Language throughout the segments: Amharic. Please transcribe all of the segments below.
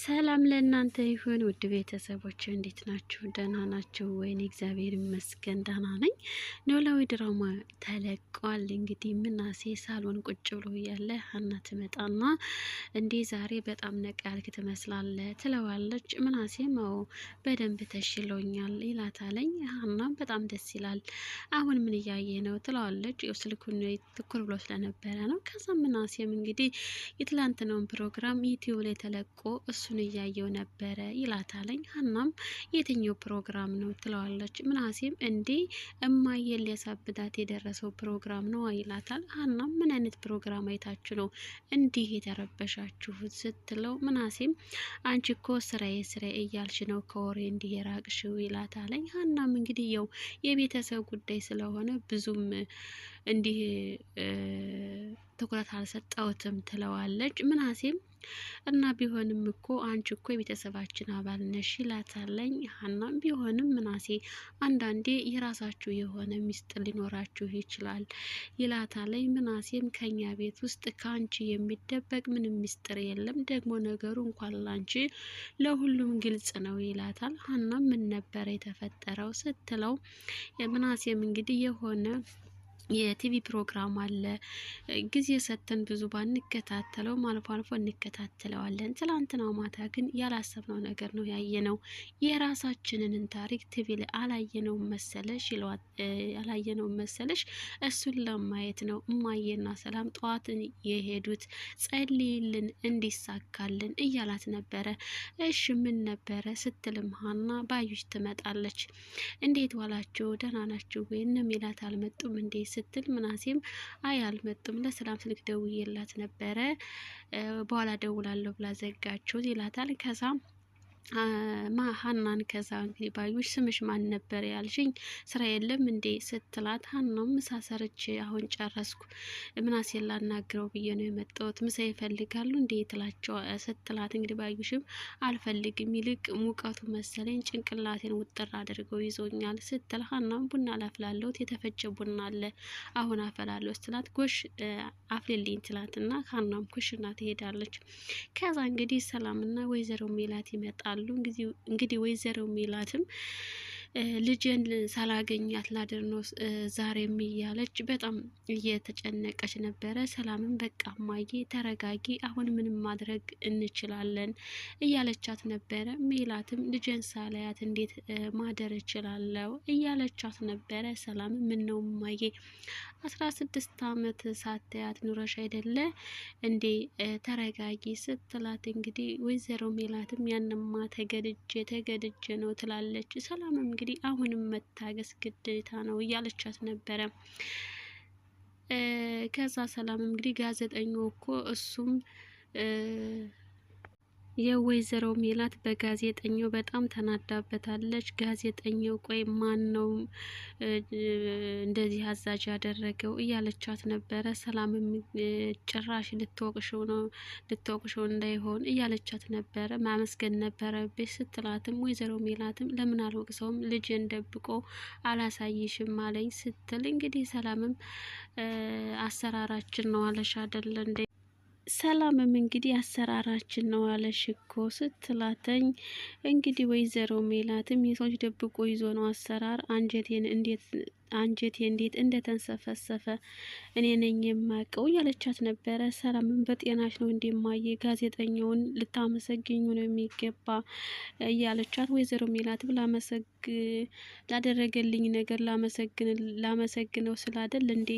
ሰላም ለእናንተ ይሁን ውድ ቤተሰቦች፣ እንዴት ናችሁ? ደህና ናችሁ ወይኔ እግዚአብሔር ይመስገን ደህና ነኝ። ኖላዊ ድራማ ተለቋል። እንግዲህ ምናሴ ሳሎን ቁጭ ብሎ እያለ ሀና ትመጣና እንዲህ ዛሬ በጣም ነቃ ያልክ ትመስላለህ ትለዋለች። ምናሴም አዎ በደንብ ተሽሎኛል ይላታለኝ። ሀናም በጣም ደስ ይላል፣ አሁን ምን እያየ ነው ትለዋለች። ያው ስልኩን ትኩር ብሎ ስለነበረ ነው። ከዛ ምናሴም እንግዲህ የትላንትናውን ፕሮግራም ዩቲዩብ ላይ ተለቆ እሱ እሱን እያየው ነበረ ይላታለኝ። ሀናም የትኛው ፕሮግራም ነው ትለዋለች። ምናሴም እንዲህ እማዬ ሊያሳብዳት የደረሰው ፕሮግራም ነው ይላታል። ሀናም ምን አይነት ፕሮግራም አይታችሁ ነው እንዲህ የተረበሻችሁት ስትለው ምናሴም አንቺ እኮ ስራዬ ስራዬ እያልሽ ነው ከወሬ እንዲህ የራቅሽው ይላታለኝ። ሀናም እንግዲህ ያው የቤተሰብ ጉዳይ ስለሆነ ብዙም እንዲህ ትኩረት አልሰጠውትም ትለዋለች። ምናሴም እና ቢሆንም እኮ አንቺ እኮ የቤተሰባችን አባል ነሽ ይላታለኝ ሀናም ቢሆንም ምናሴ አንዳንዴ የራሳችሁ የሆነ ሚስጥር ሊኖራችሁ ይችላል ይላታለኝ ምናሴም ከኛ ቤት ውስጥ ከአንቺ የሚደበቅ ምንም ሚስጥር የለም ደግሞ ነገሩ እንኳን ላንቺ ለሁሉም ግልጽ ነው ይላታል ሀናም ምን ነበረ የተፈጠረው ስትለው ምናሴም እንግዲህ የሆነ የቲቪ ፕሮግራም አለ። ጊዜ ሰጥተን ብዙ ባንከታተለውም አልፎ አልፎ እንከታተለዋለን። ትላንትና ማታ ግን ያላሰብነው ነገር ነው ያየነው። የራሳችንን ታሪክ ቲቪ ላይ አላየነው መሰለሽ ይለዋል። መሰለሽ እሱን ለማየት ነው እማዬና ሰላም ጠዋትን የሄዱት። ጸልይልን እንዲሳካልን እያላት ነበረ። እሽ ምን ነበረ ስትልም ሀና ባዩች ትመጣለች። እንዴት ዋላችሁ? ደህና ናችሁ ወይ? እነ አልመጡም እንዴ? ስትል ምናሴም አይ አልመጡም ለሰላም ስልክ ደውዬላት ነበረ በኋላ ደውላለሁ ብላ ዘጋችሁት ይላታል። ከዛም ሀናን ከዛ እንግዲህ ባዩሽ ስምሽ ማን ነበር ያልሽኝ? ስራ የለም እንዴ ስትላት ሀናም ምሳ ሰርቼ አሁን ጨረስኩ፣ ምናሴን ላናግረው ብዬ ነው የመጣሁት። ምሳ ይፈልጋሉ እንዴ ትላቸው ስትላት እንግዲህ ባዩሽም አልፈልግም፣ ይልቅ ሙቀቱ መሰለኝ ጭንቅላቴን ውጥር አድርገው ይዞኛል ስትል ሀናም ቡና ላፍላለሁት የተፈጨ ቡና አለ አሁን አፈላለሁ ስትላት ጎሽ አፍልልኝ ትላትና ሀናም ኩሽና ትሄዳለች። ከዛ እንግዲህ ሰላምና ወይዘሮ ሜላት ይመጣል ይመጣሉ። እንግዲህ ወይዘሮ ሜላትም ልጄን ሳላገኛት ላድር ነው ዛሬም እያለች በጣም እየተጨነቀች ነበረ። ሰላምን በቃ እማዬ ተረጋጊ፣ አሁን ምንም ማድረግ እንችላለን እያለቻት ነበረ። ሜላትም ልጄን ሳላያት እንዴት ማደር እችላለሁ እያለቻት ነበረ። ሰላም ምን ነው እማዬ አስራ ስድስት አመት ሳታያት ኑረሽ አይደለ እንዴ ተረጋጊ ስትላት እንግዲህ ወይዘሮ ሜላትም ያንማ ተገድጄ ተገድጄ ነው ትላለች። ሰላምም እንግዲህ አሁንም መታገስ ግዴታ ነው እያለቻት ነበረ። ከዛ ሰላም እንግዲህ ጋዜጠኛው እኮ እሱም የወይዘሮ ሜላት በጋዜጠኛው በጣም ተናዳበታለች። ጋዜጠኛው ቆይ ማን ነው እንደዚህ አዛዥ ያደረገው እያለቻት ነበረ። ሰላምም ጭራሽ ልትወቅሽው ነው ልትወቅሽው እንዳይሆን እያለቻት ነበረ። ማመስገን ነበረብሽ ስትላትም ወይዘሮ ሜላትም ለምን አልወቅሰውም ልጅን ደብቆ አላሳይሽም አለኝ ስትል እንግዲህ ሰላምም አሰራራችን ነው አለሽ አደለ እንደ ሰላምም እንግዲህ አሰራራችን ነው አለሽ እኮ ስትላተኝ እንግዲህ ወይዘሮ ሜላትም የሰዎች ደብቆ ይዞ ነው አሰራር አንጀቴን እንዴት አንጀቴ እንዴት እንደተንሰፈሰፈ እኔ ነኝ የማቀው ያለቻት ነበረ። ሰላምን በጤናሽ ነው እንደማየ ጋዜጠኛውን ልታመሰግኙ ነው የሚገባ እያለቻት ወይዘሮ ሜላት መሰግ ላደረገልኝ ነገር ላመሰግነው ስላደል እንዴ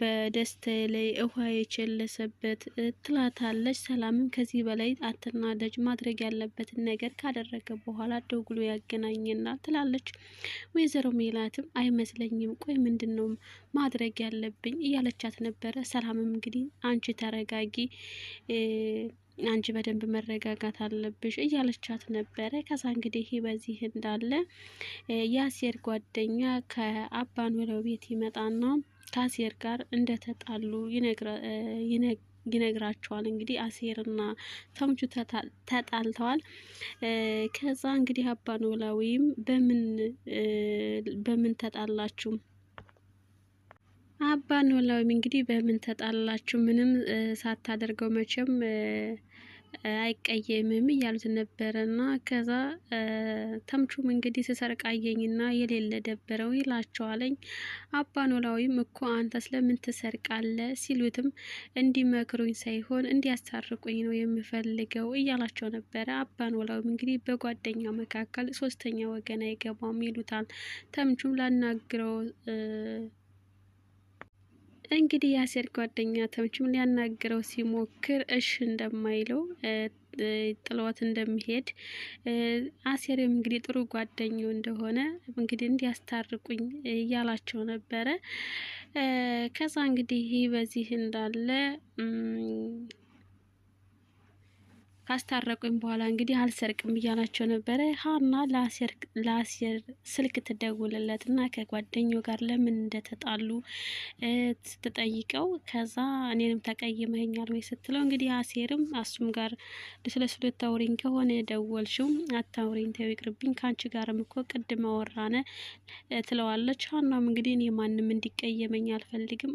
በደስታ ላይ ውሃ የቸለሰበት ትላታለች። ሰላምም ከዚህ በላይ አትናደጅ፣ ማድረግ ያለበትን ነገር ካደረገ በኋላ ደውሎ ያገናኘናል ትላለች። ወይዘሮ ሜላትም አይመስለኝም የለኝም፣ ቆይ ምንድን ነው ማድረግ ያለብኝ እያለቻት ነበረ። ሰላምም እንግዲህ አንቺ ተረጋጊ፣ አንቺ በደንብ መረጋጋት አለብሽ እያለቻት ነበረ። ከዛ እንግዲህ በዚህ እንዳለ የአሴር ጓደኛ ከአባን ከአባኖላው ቤት ይመጣና ከአሴር ጋር እንደተጣሉ ይነግራቸዋል። እንግዲህ አሴርና ተምቹ ተጣልተዋል። ከዛ እንግዲህ አባኖላዊም በምን በምን ተጣላችሁ? አባ ኖላዊም እንግዲህ በምን ተጣላችሁ? ምንም ሳታደርገው መቼም አይቀየምም እያሉት ነበረ እና ከዛ ተምቹም እንግዲህ ስሰርቅ አየኝና የሌለ ደበረው ይላቸዋለኝ። አባ ኖላዊም እኮ አንተ ስለምን ትሰርቃለ ሲሉትም እንዲመክሩኝ ሳይሆን እንዲያስታርቁኝ ነው የምፈልገው እያላቸው ነበረ። አባ ኖላዊም እንግዲህ በጓደኛ መካከል ሶስተኛ ወገን አይገባም ይሉታል። ተምቹም ላናግረው እንግዲህ የአሴር ጓደኛ ተምቹም ሊያናግረው ሲሞክር እሽ እንደማይለው ጥሎት እንደሚሄድ አሴርም እንግዲህ ጥሩ ጓደኛው እንደሆነ እንግዲህ እንዲያስታርቁኝ እያላቸው ነበረ። ከዛ እንግዲህ ይህ በዚህ እንዳለ ካስታረቁኝ በኋላ እንግዲህ አልሰርቅም እያላቸው ነበረ። ሀና ለአሴር ስልክ ትደውልለት ትደውልለትና ከጓደኛው ጋር ለምን እንደተጣሉ ስትጠይቀው ከዛ እኔንም ተቀይመኛል ወይ ስትለው እንግዲህ አሴርም አሱም ጋር ስለስሎ ታውሪኝ ከሆነ ደወልሽው አታውሪኝ፣ ተይው ይቅርብኝ፣ ከአንቺ ጋርም እኮ ቅድመ ወራነ ትለዋለች። ሀናም እንግዲህ እኔ ማንም እንዲቀየመኝ አልፈልግም፣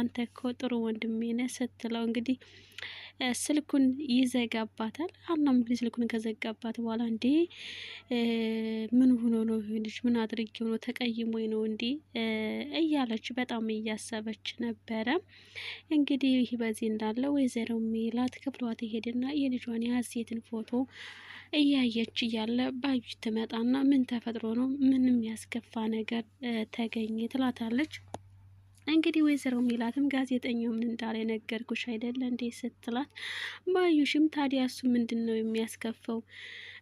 አንተ እኮ ጥሩ ወንድሜ ነህ ስትለው እንግዲህ ስልኩን ይዘጋባታል። ሀናም እንግዲህ ስልኩን ከዘጋባት በኋላ እንዴ ምን ሆኖ ነው ልጅ ምን አድርጌ ነው ተቀይሞ ነው እንዴ እያለች በጣም እያሰበች ነበረ። እንግዲህ ይህ በዚህ እንዳለ ወይዘሮ ሚላት ክፍሏ ትሄድና የልጇን የሀሴትን ፎቶ እያየች እያለ ባዩሽ ትመጣና ምን ተፈጥሮ ነው ምንም ያስከፋ ነገር ተገኘ ትላታለች። እንግዲህ ወይዘሮ ሚላትም ጋዜጠኛው ምን እንዳለ ነገርኩሽ አይደለ እንዴ ስትላት ባዩሽም ታዲያ እሱ ምንድን ነው የሚያስከፈው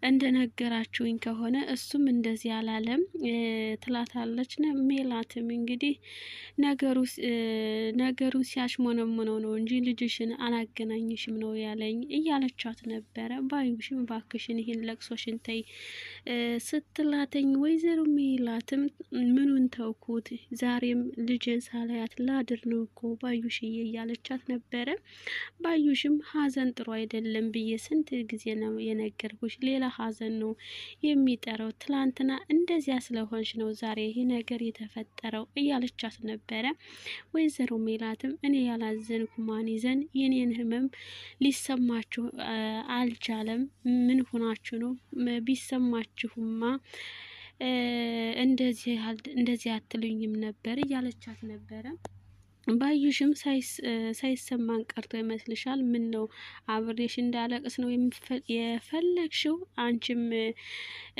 እንደነገራችሁኝ ከሆነ እሱም እንደዚህ አላለም ትላታለች። ሜላትም እንግዲህ ነገሩ ሲያሽሞነሙነው ነው እንጂ ልጅሽን አላገናኝሽም ነው ያለኝ እያለቻት ነበረ። ባዩሽም ባክሽን ይህን ለቅሶሽን ተይ ስትላተኝ፣ ወይዘሮ ሜላትም ምኑን ተውኩት ዛሬም ልጅን ሳላያት ላድር ነው እኮ ባዩሽዬ እያለቻት ነበረ። ባዩሽም ሀዘን ጥሩ አይደለም ብዬ ስንት ጊዜ ነው የነገርኩሽ ሌላ ሀዘን ነው የሚጠራው። ትላንትና እንደዚያ ስለሆንሽ ነው ዛሬ ይህ ነገር የተፈጠረው እያለቻት ነበረ። ወይዘሮ ሜላትም እኔ ያላዘንኩ ማን ይዘን የኔን ህመም ሊሰማችሁ አልቻለም። ምን ሆናችሁ ነው? ቢሰማችሁማ እንደዚህ አትሉኝም ነበር እያለቻት ነበረ። ባዩሽም ሳይሰማን ቀርቶ ይመስልሻል? ምን ነው አብሬሽ እንዳለቅስ ነው የፈለግሽው? አንቺም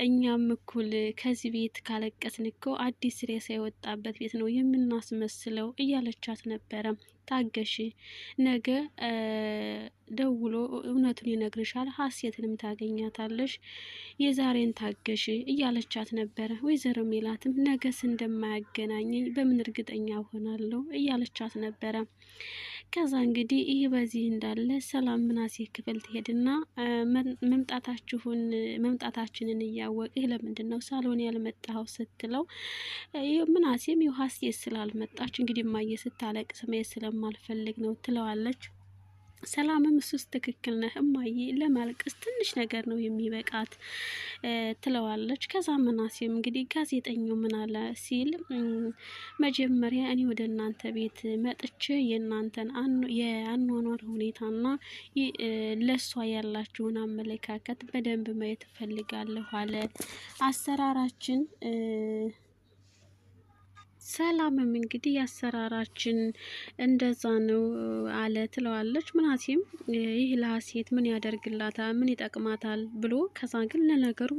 እኛም እኩል ከዚህ ቤት ካለቀስን እኮ አዲስ ሬሳ የወጣበት ቤት ነው የምናስመስለው እያለቻት ነበረ። ታገሺ፣ ነገ ደውሎ እውነቱን ይነግርሻል፣ ሀሴትንም ታገኛታለሽ፣ የዛሬን ታገሺ እያለቻት ነበረ። ወይዘሮ ሜላትም ነገስ እንደማያገናኘኝ በምን እርግጠኛ ሆናለሁ እያለቻት ነበረ። ከዛ እንግዲህ ይህ በዚህ እንዳለ ሰላም ምናሴ ክፍል ትሄድና መምጣታችሁን መምጣታችንን እያወቅህ ለምንድን ነው ሳሎን ያልመጣኸው ስትለው ምናሴም የሀሴት ስላልመጣች እንግዲህ ማየ ስታለቅስ ስሜ ስለማልፈልግ ነው ትለዋለች። ሰላምም እሱስ ትክክል ነህ እማዬ፣ ለማልቀስ ትንሽ ነገር ነው የሚበቃት ትለዋለች። ከዛ ምናሴም እንግዲህ ጋዜጠኛው ምን አለ ሲል መጀመሪያ እኔ ወደ እናንተ ቤት መጥቼ የእናንተን የአኗኗር ሁኔታና ለእሷ ያላችሁን አመለካከት በደንብ ማየት እፈልጋለሁ አለ አሰራራችን ሰላምም እንግዲህ ያሰራራችን እንደዛ ነው አለ ትለዋለች። ምናሴም ይህ ለሀሴት ምን ያደርግላታል፣ ምን ይጠቅማታል ብሎ ከዛ ግን ለነገሩ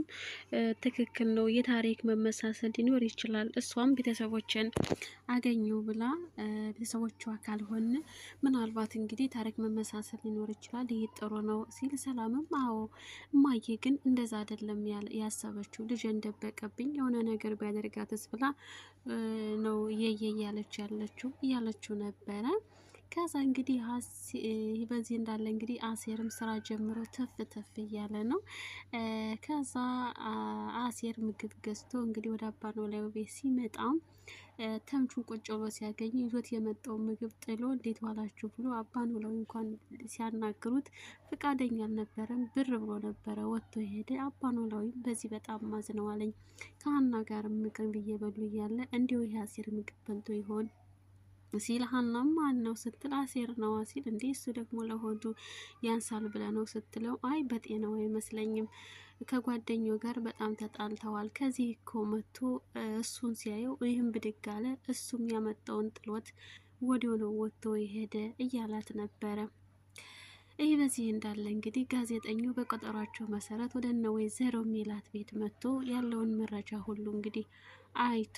ትክክል ነው የታሪክ መመሳሰል ሊኖር ይችላል። እሷም ቤተሰቦችን አገኘው ብላ ቤተሰቦቿ ካልሆን ምናልባት እንግዲህ የታሪክ መመሳሰል ሊኖር ይችላል፣ ይህ ጥሩ ነው ሲል ሰላምም አዎ እማዬ ግን እንደዛ አይደለም ያሰበችው ልጅ እንደበቀብኝ የሆነ ነገር ቢያደርጋትስ ብላ ነው የየ እያለች ያለችው እያለችው ነበረ። ከዛ እንግዲህ በዚህ እንዳለ እንግዲህ አሴርም ስራ ጀምሮ ተፍ ተፍ እያለ ነው። ከዛ አሴር ምግብ ገዝቶ እንግዲህ ወደ አባ ኖላዊ ቤት ሲመጣ ተምቹን ቁጭ ብሎ ሲያገኝ ይዞት የመጣው ምግብ ጥሎ እንዴት ዋላችሁ ብሎ አባን ብለው እንኳን ሲያናግሩት ፈቃደኛ አልነበረም። ብር ብሎ ነበረ ወጥቶ የሄደ። አባን ብለው በዚህ በጣም ማዝነዋለኝ። ከሀና ጋር ምግብ እየበሉ እያለ እንዲሁ የአሴር ምግብ በልቶ ይሆን ሲል ሀናም ማን ነው ስትል አሴር ነዋ ሲል እንዴ እሱ ደግሞ ለሆዱ ያንሳል ብለ ነው ስትለው አይ በጤናው አይመስለኝም ከጓደኛው ጋር በጣም ተጣልተዋል። ከዚህ እኮ መጥቶ እሱን ሲያየው ይህም ብድግ አለ። እሱም ያመጣውን ጥሎት ወዲያው ነው ወጥቶ የሄደ እያላት ነበረ። ይህ በዚህ እንዳለ እንግዲህ ጋዜጠኛው በቀጠሯቸው መሰረት ወደ እነ ወይዘሮ ሜላት ቤት መጥቶ ያለውን መረጃ ሁሉ እንግዲህ አይቶ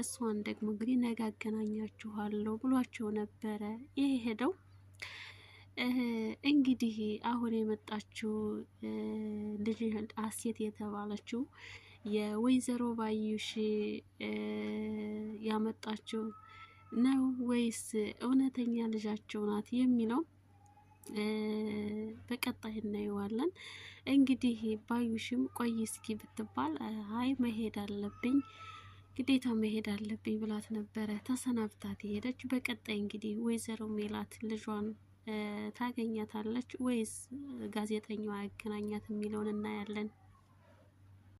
እሷን ደግሞ እንግዲህ ነገ አገናኛችኋለሁ ብሏቸው ነበረ። ይሄ ሄደው እንግዲህ አሁን የመጣችው ልጅ አሴት የተባለችው የወይዘሮ ባዩሽ ያመጣችው ነው ወይስ እውነተኛ ልጃቸው ናት የሚለው በቀጣይ እናየዋለን። እንግዲህ ባዩሽም ቆይ እስኪ ብትባል አይ መሄድ አለብኝ ግዴታ መሄድ አለብኝ ብላት ነበረ ተሰናብታት ትሄደች በቀጣይ እንግዲህ ወይዘሮ ሜላት ልጇን ታገኛታለች ወይስ ጋዜጠኛዋ ያገናኛት የሚለውን እናያለን።